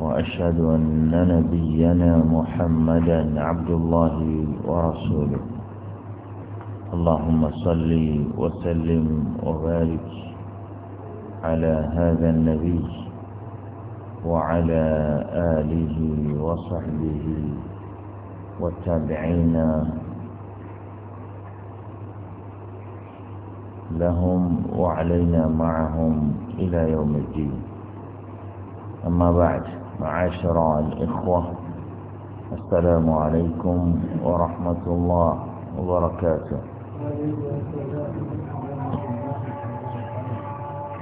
وأشهد أن نبينا محمدا عبد الله ورسوله اللهم صل وسلم وبارك على هذا النبي وعلى آله وصحبه والتابعين لهم وعلينا معهم إلى يوم الدين أما بعد معاشر الإخوة السلام عليكم ورحمة الله وبركاته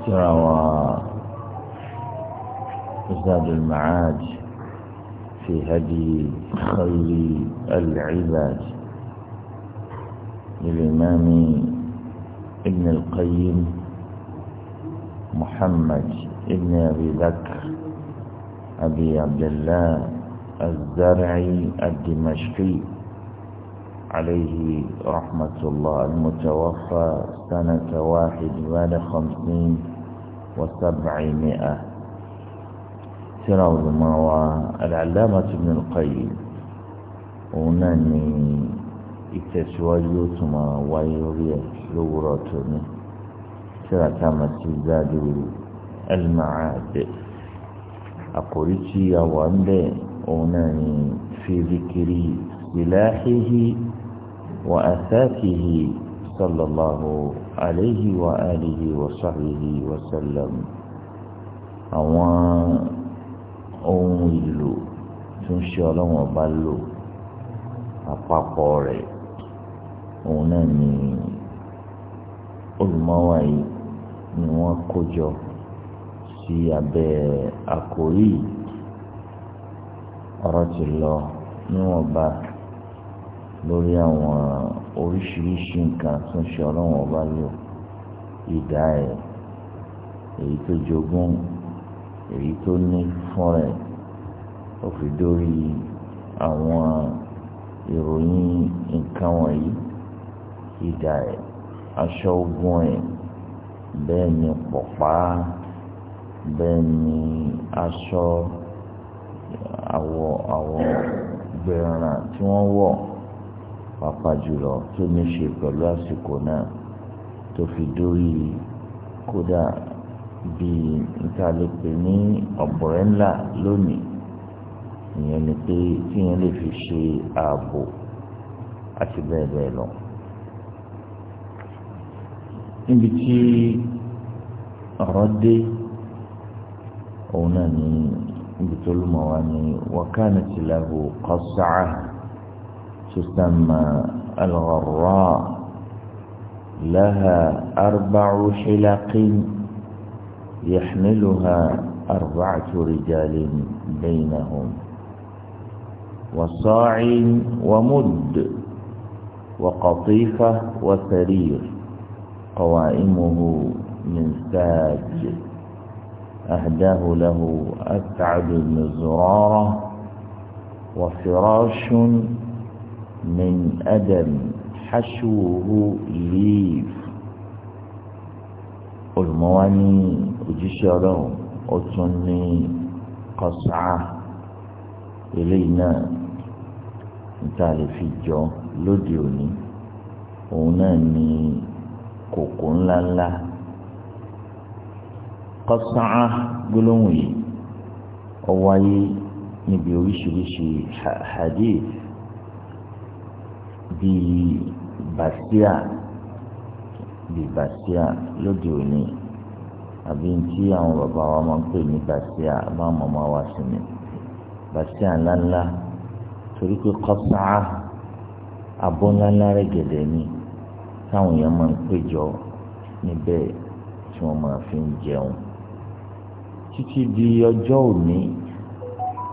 ترى وزاد المعاد في هدي خير العباد للإمام ابن القيم محمد ابن أبي بكر أبي عبد الله الزرعي الدمشقي عليه رحمة الله المتوفى سنة واحد وخمسين وسبعمائة تراود ما العلامة ابن القيم ونني التسوي ثم ويري لورة ترى كما تزاد المعاد àkòrí tí a wà ń bẹ̀ òun náà ni fi zikiri silahihi wa asakihi sallallahu alayhi wa alihi wa sahbihi wa sallam àwọn ohun ìlò tó ń ṣe ọlọ́wọ́n ọba lò àpapọ̀ rẹ̀ òun náà ni olùmọ́wá ni wọ́n kó jọ sí abẹ́ àkórí ọ̀rọ̀ ti lọ níwọ̀nba lórí àwọn oríṣiríṣi nǹkan tó ń ṣe ọlọ́run ọba lò ìdá ẹ̀ èyí tó jogún èyí tó ní fún ẹ̀ ó fi dórí àwọn ìròyìn nǹkan wọ̀nyí ìdá ẹ̀ aṣọ ogun ẹ̀ bẹ́ẹ̀ ni pọ̀pá bẹ́ẹ̀ ni aṣọ àwọ̀ àwọ̀ gbẹ̀ràn tí wọ́n wọ̀ pàápàá jùlọ tó ní ṣe pẹ̀lú àsìkò náà tó fi dórí kódà bíi níta lè pè ní ọ̀bọ̀rẹ́ ńlá lónìí ìyẹn ni pé kí yẹn lè fi ṣe ààbò àti bẹ́ẹ̀ bẹ́ẹ̀ lọ. níbi tí ọ̀rọ̀ dé. òun náà ní ibi tó lùmọ̀ wá ní wàkánà tìlábù kọ́sáà tùsàmà alọ́rọ́ lẹ́hà arbàcù xilàqín yàxmìlùhà arbàcù rìjàlín bẹ́yìnàhùn وصاع ومد وقطيفة وسرير qawaimuhu min ساج أهداه له أسعد بن زرارة وفراش من أدم حشوه ليف المواني وجشره أتني قصعة إلينا ntaare fi jọ lóde òní òun kọ́sàn-án gbólóhùn yìí ó wáyé níbi oríṣiríṣi hadith bíi basia bíi basia lóde òní àbí tí àwọn bàbá wa máa ń pè ní basia bá màmá wa sí ni basia ńláńlá torí pé kọ́sàn-án abọ́ ńláńlá rẹ̀ gẹ̀dẹ̀ ni táwọn èèyàn máa ń péjọ níbẹ̀ tí wọ́n máa fi ń jẹun títí di ọjọ́ òní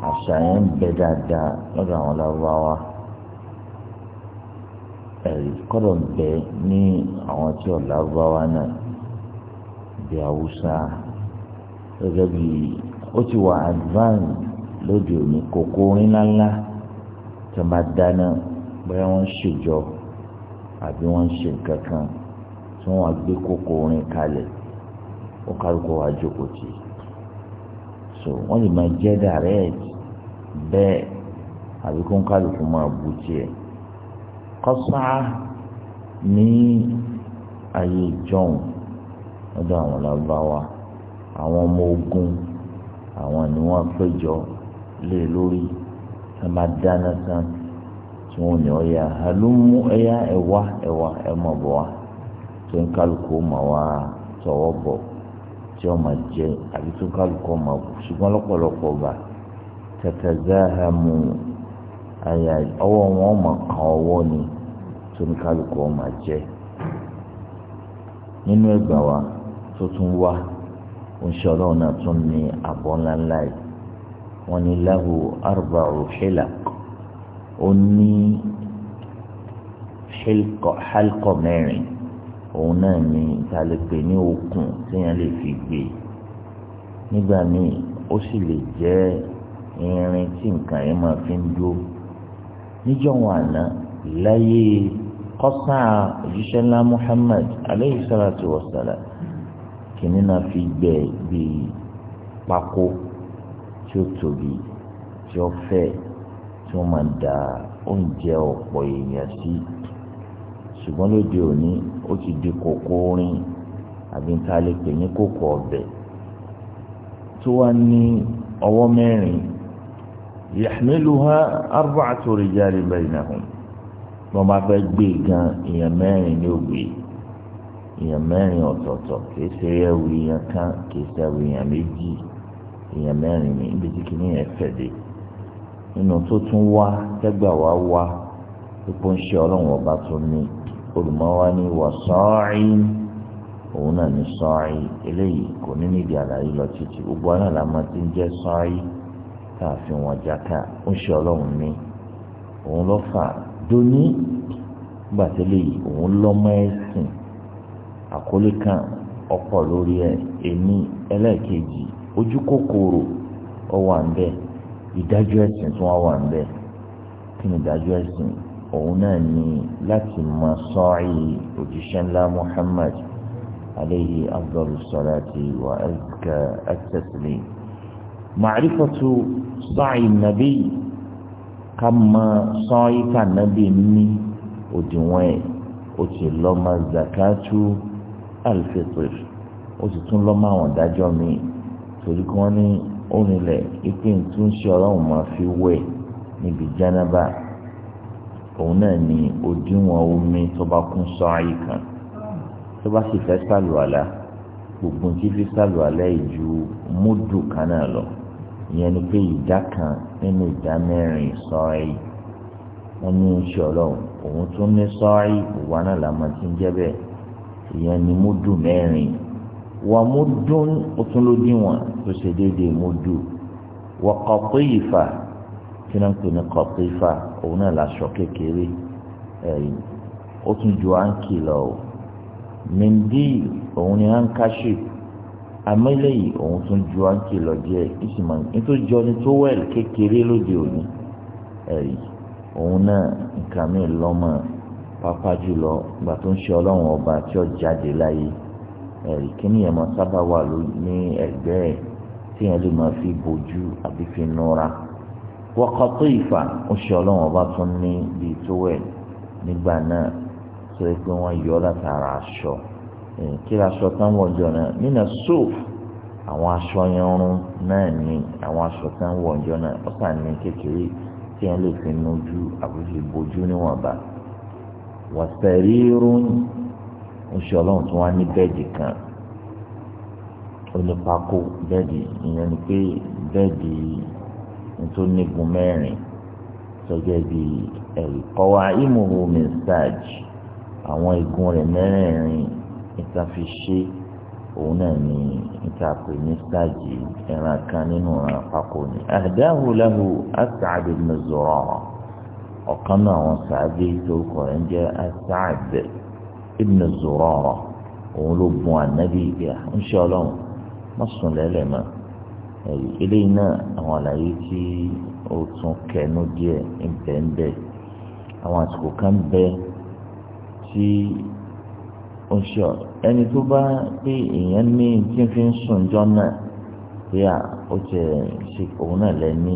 àṣà yẹn ń bẹ dáadáa lọ́dọ̀ àwọn lárúbáwá ẹ̀rí kọ́dọ̀ ń bẹ ní àwọn tí ò lárúbáwá náà bí haúsá gẹ́gẹ́ bí ó ti wà advance lóde òní kòkó orin ńláńlá tí bá dáná bóyá wọ́n ń ṣèjọ àbí wọ́n ń ṣe nǹkan kan tí wọ́n wá gbé kòkó orin kalẹ̀ ó kálukú wá jókòó tì í so wọ́n lè máa jẹ́ direct bẹ́ẹ̀ àbí kó ń kálukú máa bu tiẹ̀ kọ́sá ní ayé ìjọ́un lọ́dọ̀ àwọn lábáwá àwọn ọmọ ogun àwọn ni wọ́n péjọ lé lórí ẹ máa dáná tán tí wọ́n ní ọ̀yà àlùmú ẹ̀yà ẹ̀wá ẹ̀wá ẹ̀ mọ̀ bọ̀ wá tó ń kálukú máa wá tọwọ́ bọ̀ tí ó máa jẹ àbí tó kálukọ́ máa wù ṣùgbọ́n lọ́pọ̀lọpọ̀ ọba tatazahamu àyà ọwọ́ wọn máa kan ọwọ́ ni tó ní kálukọ́ máa jẹ nínú ẹgbà wa tó tún wá oṣù ọlọ́run náà tún ní àbọ̀ ńláńlá yìí wọ́n ní lahu arba'u hilaq ó ní hilqa mẹ́rin. òun náà ni ìtàlẹ́pẹ̀ ní okùn téèyàn lè fi gbé nígbà míì ó sì lè irin tí nǹkan yẹn máa fi ń dúró níjọ́ wọn àná láyé kọ́sà òjíṣẹ́ ńlá Muhammad aleyhi salatu wa náà fi gbẹ bíi pákó tí ó tóbi tí ó fẹ́ tí máa da oúnjẹ ọ̀pọ̀ èèyàn sí. ṣùgbọ́n lóde òní ó ti di kókó orin àbí nta lè pè ní kókó ọbẹ̀ tó wá ní ọwọ́ mẹ́rin yahmiluha arba'atu rijal bainahum wọ́n bá fẹ́ gbé gan èèyàn mẹ́rin ní ògbé èèyàn mẹ́rin ọ̀tọ̀ọ̀tọ̀ kìí ṣe ẹrù èèyàn kan kìí ṣe ẹrù èèyàn méjì èèyàn mẹ́rin ní ibi tí kìíní yẹn fẹ̀ nínú tó tún wá tẹ́gbà wá wá pípọ́n ṣe olùmọ́wání wà sọ́ọ̀rì òun náà ní sọ́ọ̀rì eléyìí kò ní níbi àlàyé lọ títí gbogbo ọ̀nà làmọ́ ti ń jẹ́ sọ́ọ̀rì a wọn jáká ó ṣe ọlọ́run ní òun ló fà dóní gbàtẹ́lẹ̀ yìí òun lọ́mọ ẹ̀sìn àkólé lórí ẹ̀ ẹlẹ́ẹ̀kejì ojú kòkòrò ọ ń ìdájọ́ ẹ̀sìn tún wà wà ń kí òun náà ni láti mọ sọ́ọ̀rì òjíṣẹ́ ńlá Muhammad alayhi afdalu salati wa azka at-taslim màrífàtú sọ́ọ̀rì nàbí ká mọ sọ́ọ̀rì ká nàbí ní òdiwọ̀n ẹ̀ ó ti lọ́mọ zakatu alfitr ó sì tún lọ́mọ àwọn ìdájọ́ mi torí kí wọ́n ní ó nílẹ̀ ìpín tún ṣe ọlọ́run máa fi wẹ̀ níbi jánábà òun náà ni òdiwọ̀n omi tó bá kún sọ́ọ̀yì kan tó bá sì fẹ́ sàlùwàlà gbogbo tí fi sàlùwàlà yìí ju múdù kan náà lọ ìyẹn ni pé ìdá kan nínú ìdá mẹ́rin sọ́ọ̀yì wọn ní oṣù ọlọ́run òun tún ní sọ́ọ̀yì ìwà náà làmọ́ ti ń jẹ́ bẹ́ẹ̀ ìyẹn ni múdù mẹ́rin wà múdù ó tún ló díwọ̀n tó ṣe déédéé múdù wà kọ̀ọ̀kọ̀ ìfà kí náà ń pè ní kọ̀tífà òun náà láṣọ kékeré ó tún ju áńkì lọ o mìndí òun ni áńkáṣì amẹ́lẹ́yìí òun tún ju áńkì lọ díẹ̀ ìsìnmọ̀ nítorí jọ ní tówẹ́ẹ̀lì kékeré lóde òní ẹ̀rí òun náà nǹkan mi lọ́mọ pápá jùlọ ìgbà tó ń ṣe ọlọ́run ọba tí ó jáde láyé ẹ̀rí kí nìyẹn máa sábà wà ní ẹ̀gbẹ́ ẹ̀ tí yẹn lè máa fi bojú àbí fi nura. No wọ́kọ̀tọ́ ìfà oṣù ọlọ́run ọba tún ní bíi tó wẹ̀ nígbà náà tó yẹ pé wọ́n yọ látara aṣọ kí aṣọ tán wọ̀jọ náà nínú sóòf àwọn aṣọ yanrun náà ní àwọn aṣọ tán wọ̀jọ náà ọ̀sà ní kékeré tí wọ́n lè fi nojú àbúrò bojú níwọ̀nba wọ̀sẹ̀rí ròyìn oṣù ọlọ́run tún wá ní bẹ́ẹ̀dì kan onípakó bẹ́ẹ̀dì ìyẹn ni pé bẹ́ẹ̀dì yìí nítorí nígun mẹ́rin sọjọ́ ibi ẹ̀kọ́wá ìmùhù mẹ́sáàj àwọn igun rẹ̀ mẹ́rẹ̀ẹ̀rin níta fi ṣe òun náà ní níta pè ní sáàjì ẹran kan nínú ọ̀ràn àpapọ̀ ni. àdáhù lahu As'ad ibn Zurara ọ̀kan náà àwọn sàábé torúkọ rẹ̀ ń jẹ́ As'ad ibn òun ló gun ànábì ìgbà ń ọlọ́run mọ́sùn lẹ́lẹ̀ eléyìí náà àwọn àlàyé tí ó tún kẹnu díẹ̀ ńbẹ́ńbẹ́ àwọn àsìkò kan bẹ tí ó ń ṣọ ẹni tó bá pé èèyàn ní tí ń fi ń sùn jọ náà pé à ó jẹ ṣe òun náà lẹ́ni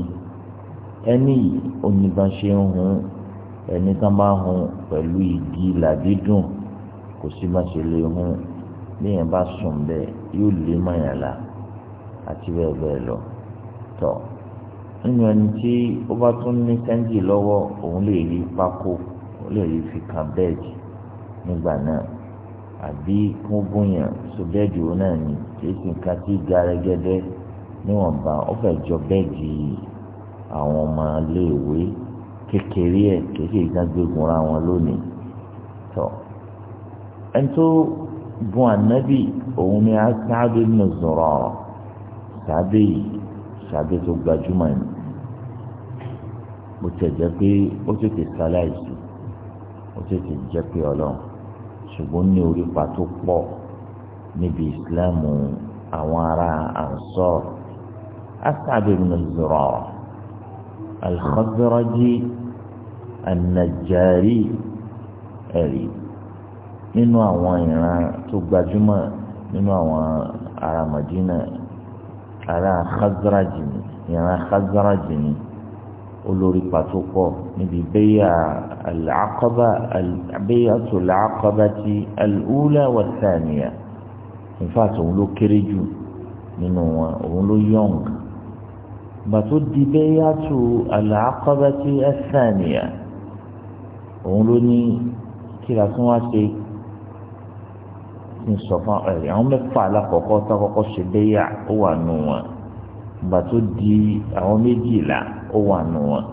ẹni yìí ń hun ẹni tá bá hun pẹ̀lú igi làdídùn kò sí bá ṣe lè hun bí èèyàn bá sùn bẹ́ẹ̀ yóò lè mọ̀yàn la àti bẹ́ẹ̀ bẹ́ẹ̀ lọ tọ́ nínú ẹni tí ó bá tún ní sẹ́ńjì lọ́wọ́ òun lè rí pákó òun lè rí fi kan bẹ́ẹ̀dì nígbà náà àbí kún bóyàn so bẹ́ẹ̀dì òun náà ni kì í sí gàrẹ́gẹ́dẹ́ níwọ̀nba ó fẹ́ jọ bẹ́ẹ̀dì àwọn ọmọ iléèwé kékeré ẹ̀ kékeré ìdágbégun ra wọn lónìí tọ́ ẹni tó gun ànábì òun ni Sa'd ibn Zurara sàábé yìí sàábé tó gbajúmọ̀ ni mo tẹ̀ jẹ́ pé ó tètè sáláìsì ó tètè jẹ́ pé ọlọ́run ṣùgbọ́n ní orípa tó pọ̀ níbi ìsìláàmù àwọn ará ansor asábì nìzọrọ alxọdọrọjì anajari ẹ̀rí nínú àwọn ìran tó gbajúmọ̀ nínú àwọn ará Madina ará Khazraj ni ìran Khazraj ni olórí pàtó pọ̀ níbi bẹ́yà al-Aqaba bẹ́yà tó làákọ́bá ti al-ula wa thaniya ìfàtí òun ló kéré jù nínú wọn òun ló yọ̀ǹg gbàtó di bẹ́yà tó al ti al òun ló ní kí la ṣe ń sọ fún ẹ̀rí àwọn mẹ́fà alákọ̀ọ́kọ́ tákọ́kọ́ ṣe bẹ́yà ó wà nù wọn ìgbà tó di àwọn méjìlá ó wà nù wọn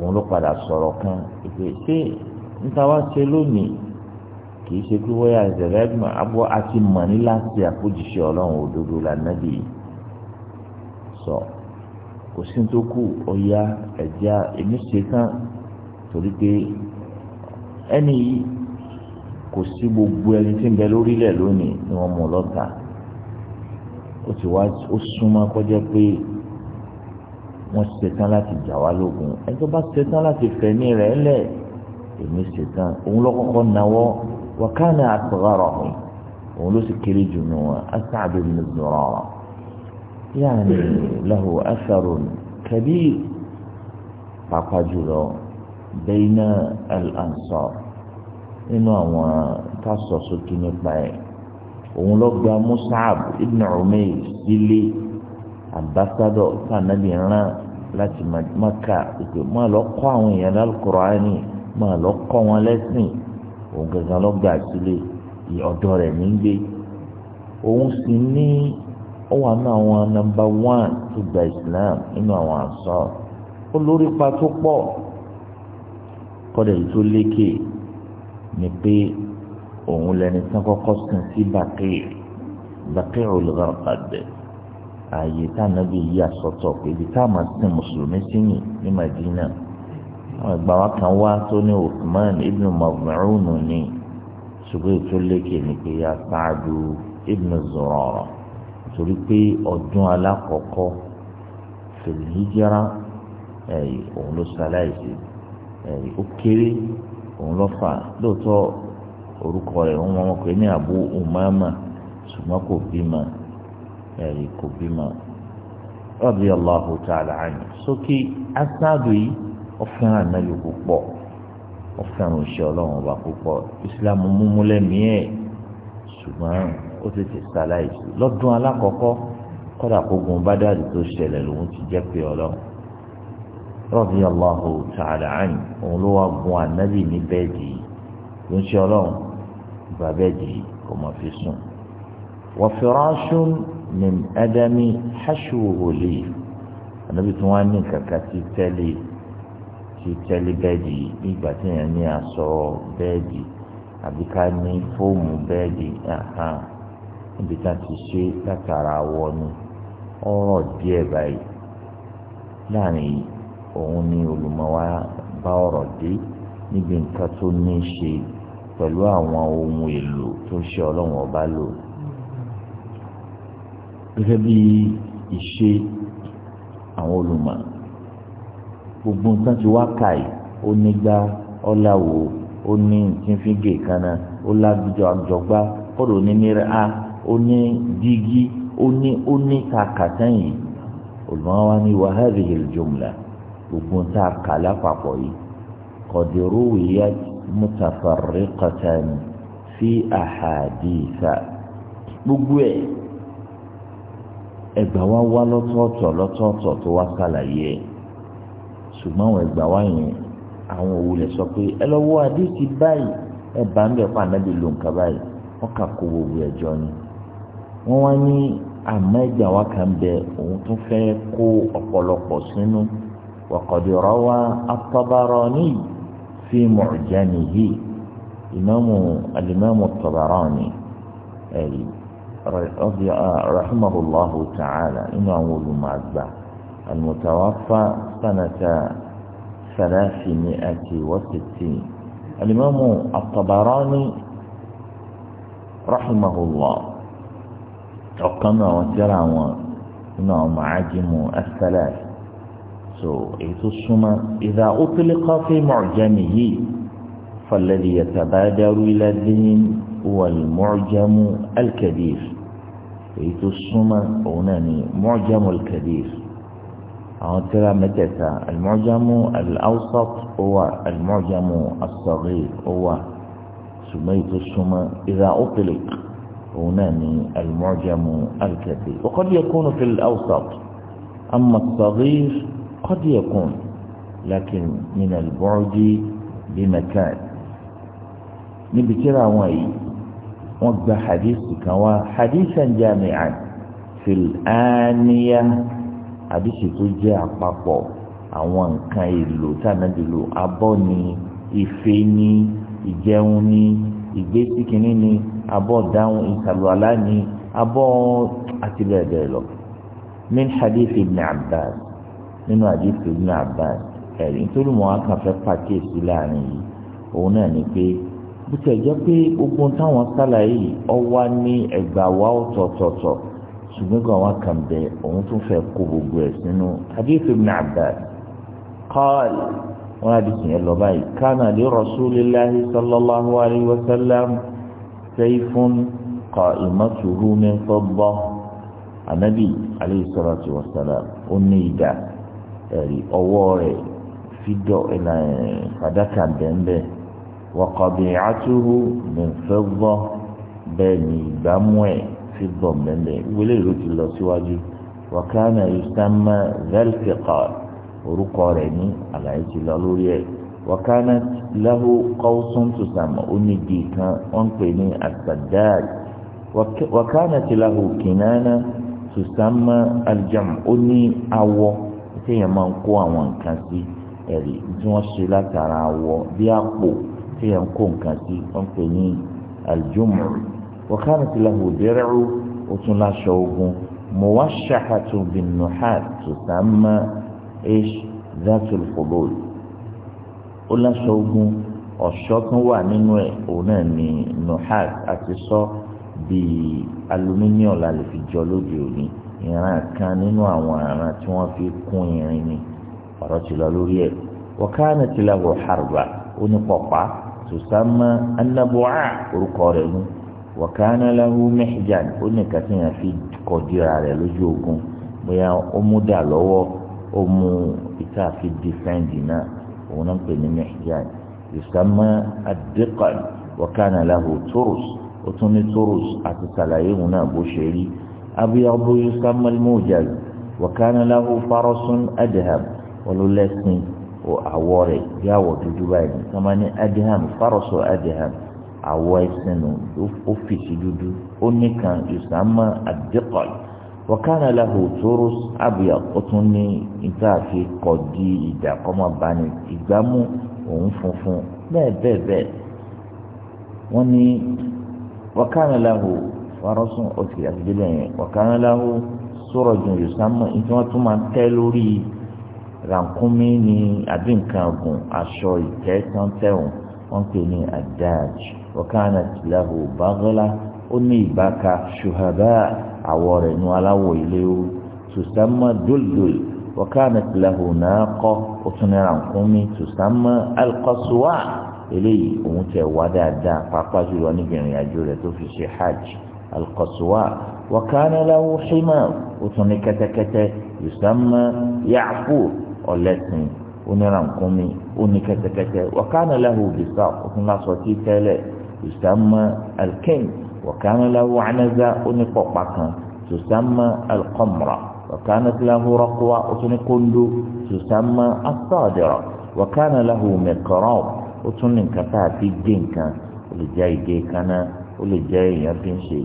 òun ló padà sọ̀rọ̀ kan ìpè ṣé níta wá ṣe lónìí kì í ṣe pé wọ́n yà zẹ̀rẹ̀ ẹ̀gbọ́n abọ́ àti mọ̀ní láti àfojúṣe ọlọ́run òdodo lànàbì sọ kò sí tó kù ọ̀ya ẹ̀já èmi ṣe tán torí pé ẹni yìí kò sí gbogbo ẹni tí ń bẹ lórílẹ̀ lónìí ni wọ́n mú lọ́tà ó ti wá ó súnmọ́ kọjá pé wọ́n ṣetán láti jà wá lógun ẹni tó bá ṣetán láti fẹ̀mí rẹ̀ lẹ̀ èmi ṣetán òun lọ́kọ́kọ́ náwọ́ wàkánà àtọ̀rọ̀ ọ̀hún òun ló sì kéré jù nù wọn asáàbí mi zọrọ yáàni lahu asarun kabir pàápàá jùlọ bẹ́ẹ̀ náà al-ansar nínú àwọn tásọ sókè nípa ẹ̀ òun ló gba Mus'ab ibn Umayr sílé ambassadọ fanabi ran láti Maka ìpè máa lọ kọ́ àwọn èèyàn lálùkùránì máa lọ kọ́ wọn lẹ́sìn òun gangan ló gba sílé ọ̀dọ̀ rẹ̀ ní gbé òun sì ní ó wà ní àwọn nọ́mbà wán tó gba Islam nínú àwọn àṣọ olórí pa tó pọ̀ kọ́dà yìí tó lékè ni pé òun lẹni tán kọ́kọ́ sùn sí bàkíì bàkíì olùgbàgbàdẹ ààyè tá nàbí yí àsọtọ̀ ibi tá a máa sin mùsùlùmí sí ní ní Madina àwọn ìgbà wa kan wá tó ní Uthman ibn Maz'un ní ṣùgbọ́n ètò lékè ni pé ya Sa'du ibn Zurara torí pé ọdún alákọ̀ọ́kọ́ fil hijra òun ló ṣaláìsí ó kéré òun lọ fà lóòótọ́ orúkọ rẹ̀ wọ́n wọ́n pè ní Abu Umama ṣùgbọ́n kò bímọ ẹ̀rí kò bímọ allahu ta'ala anhu sókè asáàdù yìí ọ̀fẹ́ràn anáyò púpọ̀ ọ̀fẹ́ràn òṣìṣẹ́ ọlọ́run ọba púpọ̀ ìsìlámù múmúlẹ̀ mìíràn ṣùgbọ́n ó tètè sáláì lọ́dún alákọ̀ọ́kọ́ kọ́dà kógun bá dàdí tó ṣẹlẹ̀ lòun ti jẹ́ pé ọlọ́run رضي الله تعالى عنه ló wá النبي ànábì ní bẹ́ẹ̀dì ló ń ṣe ọlọ́run gba bẹ́ẹ̀dì kò mọ̀ fi sùn. wa firashun min adami hashuhu li ànábì tí wọ́n á ní kankan ti tẹ́lẹ̀ ti tẹ́lẹ̀ bẹ́ẹ̀dì ìgbà tí yẹn ní aṣọ bẹ́ẹ̀dì àbí ká ní fóòmù bẹ́ẹ̀dì níbi tá a ti ṣe látara wọ ni ọ̀rọ̀ díẹ̀ báyìí láàrin yìí òun ni olùmọ̀wá bá ọ̀rọ̀ dé níbi nǹkan tó ní í ṣe pẹ̀lú àwọn ohun èlò tó ṣe ọlọ́run ọba lò gẹ́gẹ́ bí ìṣe àwọn olùmọ̀ gbogbo nǹkan tí wá kà yìí ó nígbà ọ̀làwò ó ní tìǹfìgè kanna ó lábìjọ àjọgbá kọ́dọ̀ ní nira a ó ní dígí ó ní ó ní kàkàtàn yìí olùmọ̀ wàhálì ìjọmùlà gbogbo tá a kà lápapọ̀ yìí kọ̀dìrúwìyà mutafarriqatan fi ahaditha gbogbo ẹ̀ ẹgbà wa wá lọ́tọ̀ọ̀tọ̀ lọ́tọ̀ọ̀tọ̀ tó wá sàlàyé ẹ̀ ṣùgbọ́n àwọn ẹgbà wa yẹn àwọn òwúlẹ̀ sọ pé ẹ lọ wo àdìsí báyìí ẹ bá ń bẹ̀ pa ànábì ló ń báyìí wọ́n kà kó gbogbo ẹ̀jọ́ ni wọ́n wá ní àmọ́ ẹgbà wa kàn bẹ òun tún fẹ́ kó ọ̀pọ̀lọpọ̀ sínú. وقد روى الطبراني في معجمه إمام الإمام الطبراني أي رحمه الله تعالى إمام المعزة المتوفى سنة ثلاثمائة وستين الإمام الطبراني رحمه الله وقام وترى إمام عجم الثلاث so èyí tó idha utliqa fi mu'jamihi falladhi yatabadaru ila dhin huwa al-mu'jamu al-kabir èyí tó unani mu'jam al-kabir àwọn tíra mẹ́tẹ̀ẹ̀ta al-mu'jamu al-awsat huwa al-mu'jamu as-saghir huwa ṣùgbọ́n èyí tó súnmọ́ idha utliqa òun náà al-mu'jamu al-kabir wa qad yakunu fi al-awsat amma as قد يكون لكن من البعد بمكان نبتلى وي وقب حديث كوا حديثا جامعا في الآنية حديث تجاه بابو àwọn nǹkan èlò tànàbí lò abọ́ ni ife ni ìjẹun ni ìgbésí kínní ni abọ́ dáhùn ìsàlùwàlá ni abọ́ àti bẹ́ẹ̀ bẹ́ẹ̀ lọ. min hadith ibn abbas nínú àdìsí Ibn Abbas ẹ̀rí nítorí wọn akànfẹ́ pàkíyèsí láàrin yìí òun náà ni pé bó ti jẹ́ pé ogun táwọn sálàyé yìí ọwá ní ẹgbà wa ọ̀tọ̀ọ̀tọ̀ ṣùgbọ́n kan wọn kàn bẹ òun tún fẹ́ kó gbogbo ẹ̀ sínú àdìsí Ibn Abbas qal wọn àdìsí yẹn lọ báyìí kánà li Rasulillahi sallallahu alayhi wa sallam sayfun qa'imatuhu min fidda anabi alayhi salatu wa salam ó ní ìdá ẹ̀rí ọwọ́ rẹ̀ fídọ̀ ẹ̀nà fàdákà bẹ́ẹ̀nbẹ́ wọ́kọ̀bì àtúhù mẹ́fẹ́gbọ́ bẹ́ẹ̀ ni ìgbàmú ẹ̀ fídọ̀ bẹ́ẹ̀nbẹ́ wọlé ìlú ti lọ síwájú wọ́kánà ìsàmà zẹ́lfìkà orúkọ rẹ̀ ní àlàyé ti lọ lórí ẹ̀ wọ́kánà lahu kọ́sùn tùsàmù onígi kan wọ́n pè ní àtàdáàd wọ́kánà ti lahu kìnnánà tùsàmù aljam ó ní téèyàn máa ń kó àwọn nǹkan sí ẹ̀rí tí wọ́n ṣe látara wọ bí àpò téèyàn kó nǹkan sí wọ́n pè ní àlùjọ́mọ̀ wọ́kàrà tí lahu dẹ́rẹ́rù ó tún láṣọ ogun muwashahatu bin nuhat tusamma ish zatul fudul ó láṣọ ogun ọ̀ṣọ́ tún wà nínú ẹ̀ òun náà ní nuhat àti sọ bíi alumíníọ̀ la lè fi jọ lóde òní ìran kan nínú àwọn àrùn tí wọ́n fi kún irin ni ọ̀rọ̀ ti lọ lórí ẹ̀ wọ́kánà ti lọ harba onípọ̀pá tùsámà anábọ́à orúkọ rẹ̀ nù wọ́kánà lahu mihjan oníkàtí yẹn fi kọjúra rẹ̀ lójú ogun bóyá ó mú dà lọ́wọ́ ó mú ìta fi dìfẹ́ǹdì náà òun náà pè ní mihjan tùsámà adékan wọ́kánà lahu turus ó tún ní turus àti sàlàyé òun náà bó ṣe rí abiyahbu yusam almujaz wakana lahu farasun adham olùlẹ́sìn àwọ̀ rẹ̀ yàwọ̀ dúdú báyìí sọ́mà ní adham farasu adham àwọ̀ ẹ̀sìn nù ọ́fíìsì dúdú ó nìkan yusam adiqal wakana lahu turus abiyah ó tún ní ìtààfi kọ̀dí ìdá kọ́mọ̀bánì ìgbámú òun funfun bẹ́ẹ̀ bẹ́ẹ̀ bẹ́ẹ̀ wọ́n ní wakana lahu farasun òsì àtijọ́lẹ̀ yẹn ọ̀kanláwo sọ̀rọ̀ jù yòsàmù ìtí wọ́n tún máa ń tẹ́ lórí rànkúnmí ní àbí nǹkan ọ̀gùn aṣọ ìtẹ́ tán tẹ̀wọ̀n wọ́n pè ní adaj ọ̀kanlá tìláhù bàgọ́lá ó ní ìbáka ṣùhàbá àwọ̀ rẹ̀ nu aláwọ̀ ilé o tùsàmù dòlòl ọ̀kanlá tìláhù náà kọ́ ó tún ní rànkúnmí tùsàmù alkọ́sùwà eléyìí òun tẹ̀ wá dáadáa pàápàá jùlọ níbi ìrìn àjò rẹ̀ tó fi ṣe hajj alqaswa wa kana lahu hima ó tún ní kẹ́tẹ́kẹ́tẹ́ yusamma ya'fu ọ̀lẹ́sìn onírànkúnmi ó ní kẹ́tẹ́kẹ́tẹ́ wa kana lahu bisá ó tún lásọ tí tẹ́lẹ̀ yusamma alkin wa kana lahu anaza ó ní pọ̀pá kan tusamma alqamra wa kanat lahu raqwa ó tún ní kóńdó tusamma as-sadira wa kana lahu miqrab ó tún ní nǹkan tá a fi gé nǹkan olùjẹ́ ìgé kaná ó lè jẹ́ èèyàn fi ń ṣe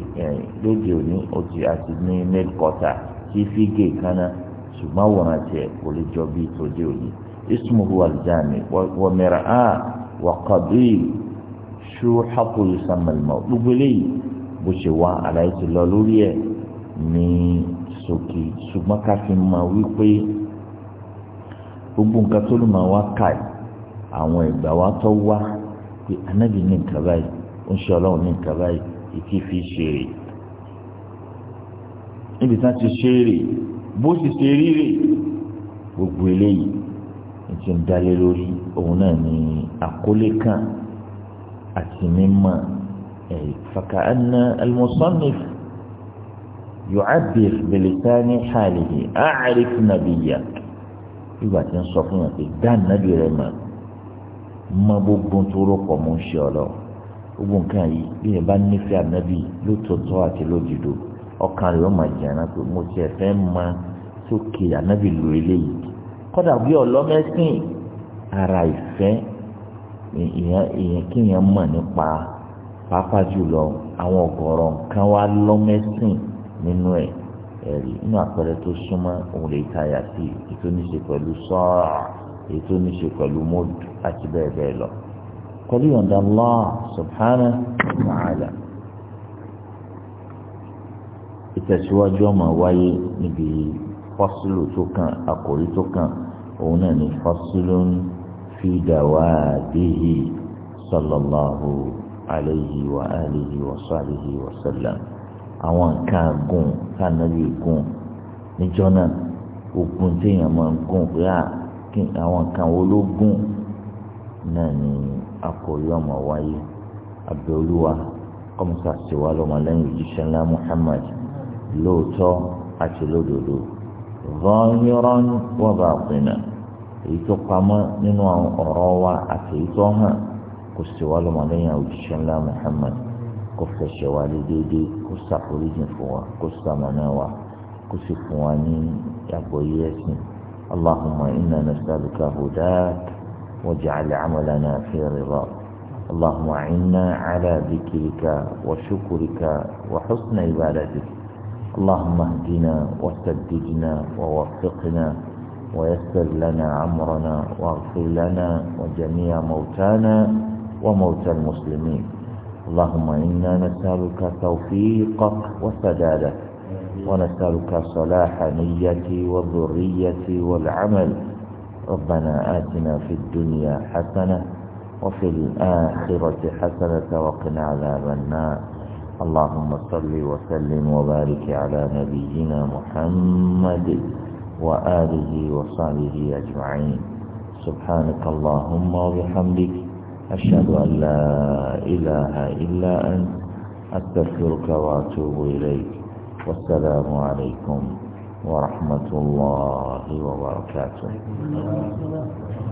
lóde òní ojú àti ní nail cutter tí fígè kaná ṣùgbọ́n wọ̀nà tiẹ̀ kò lè jọ bí tòde òní ismuhu aljami wa mir'ah wa qadi shuhatu yusamma al-maut gbogbo eléyìí bó ṣe wá àlàyé ti lọ lórí ẹ̀ ní sókè ṣùgbọ́n ká fi mọ̀ wípé gbogbo nǹkan tó lè máa wá káì àwọn ìgbà wa tó wá pé anábì ní nǹkan báyìí ó ń ṣe ọlọ́run ní nǹkan báyìí ìkí fi ṣe rè níbi tí wọ́n ti ṣe rè bó sì ṣe rí rè gbogbo eléyìí ní ti ń dalé lórí òun náà ní àkólé kan àti mímọ̀ ẹ̀ fàkà ẹnna al-musannif yu'abbir bilisani halihi a'rif nabiyyak ìgbà tí ń sọ fún yàn pé dá nàbì mọ̀ mọ gbogbo tó rọ pọ̀ mọ́ ń ṣe ọlọ́run gbogbo nǹkan yìí bí yẹn bá nífẹ̀ẹ́ ànábì lótòótọ́ àti lójúdo ọkàn rẹ̀ ó máa jẹ̀rán pé mo tiẹ̀ fẹ́ mọ sókè ànábì lò eléyìí kọ́dà bí ọlọ́mẹ́sìn ara ìfẹ́ ìyẹn kí yẹn mọ̀ nípa pàápàá jùlọ àwọn ọ̀gọ̀rọ̀ nǹkan wá lọ́mẹ́sìn nínú ẹ̀ ẹ̀rí inú àpẹẹrẹ tó súnmọ́ òun lè ta yà ètò níṣe pẹ̀lú sọ́ọ̀rà ètò níṣe pẹ̀lú mọ́ọ̀dù àti bẹ́ẹ̀ bẹ́ẹ̀ lọ pẹ̀lú yọ̀ǹda Allah subhanahu wa ta'ala ìtẹ̀síwájú ọmọ wáyé níbi fọ́sílù tó kàn àkòrí tó kàn òun náà ní fọ́sílù fi dawaabihi sallallahu alayhi wa alihi wa sahbihi wa sallam àwọn nǹkan agùn kánàbí gùn níjọ́ náà ogun téèyàn máa ń gùn pé ah, àwọn nǹkan ológun náà ni akọ̀rí ọmọ wáyé abẹ́olúwa kọ́mùsà tiwa lọ́mọlẹ́yìn òjíṣẹ́ ńlá Muhammad lóòótọ́ àti lódodo zọ́nyọ́rọ́n wọ́n bá pinna èyí tó pamọ́ nínú ọ̀rọ̀ wa àti èyí tó hàn kò sí wa lọ́mọlẹ́yìn òjíṣẹ́ ńlá Muhammad kò fẹsẹ̀ wa lé déédéé kò sàforíjì fún wa kò sàmọ́nà wa kò sì fún wa ní àgbọ́yé ẹ̀sìn اللهم إنا نسألك هداك واجعل عملنا في رضاك اللهم أعنا على ذكرك وشكرك وحسن عبادتك اللهم اهدنا وسددنا ووفقنا ويسر لنا أمرنا واغفر لنا وجميع موتانا وموتى المسلمين اللهم إنا نسألك توفيقك وسدادك ونسألك صلاح نيتي وذريتي والعمل ربنا آتنا في الدنيا حسنة وفي الآخرة حسنة وقنا عذاب النار اللهم صل وسلم وبارك على نبينا محمد وآله وصحبه أجمعين سبحانك اللهم وبحمدك أشهد أن لا إله إلا أنت أستغفرك وأتوب إليك والسلام عليكم ورحمة الله وبركاته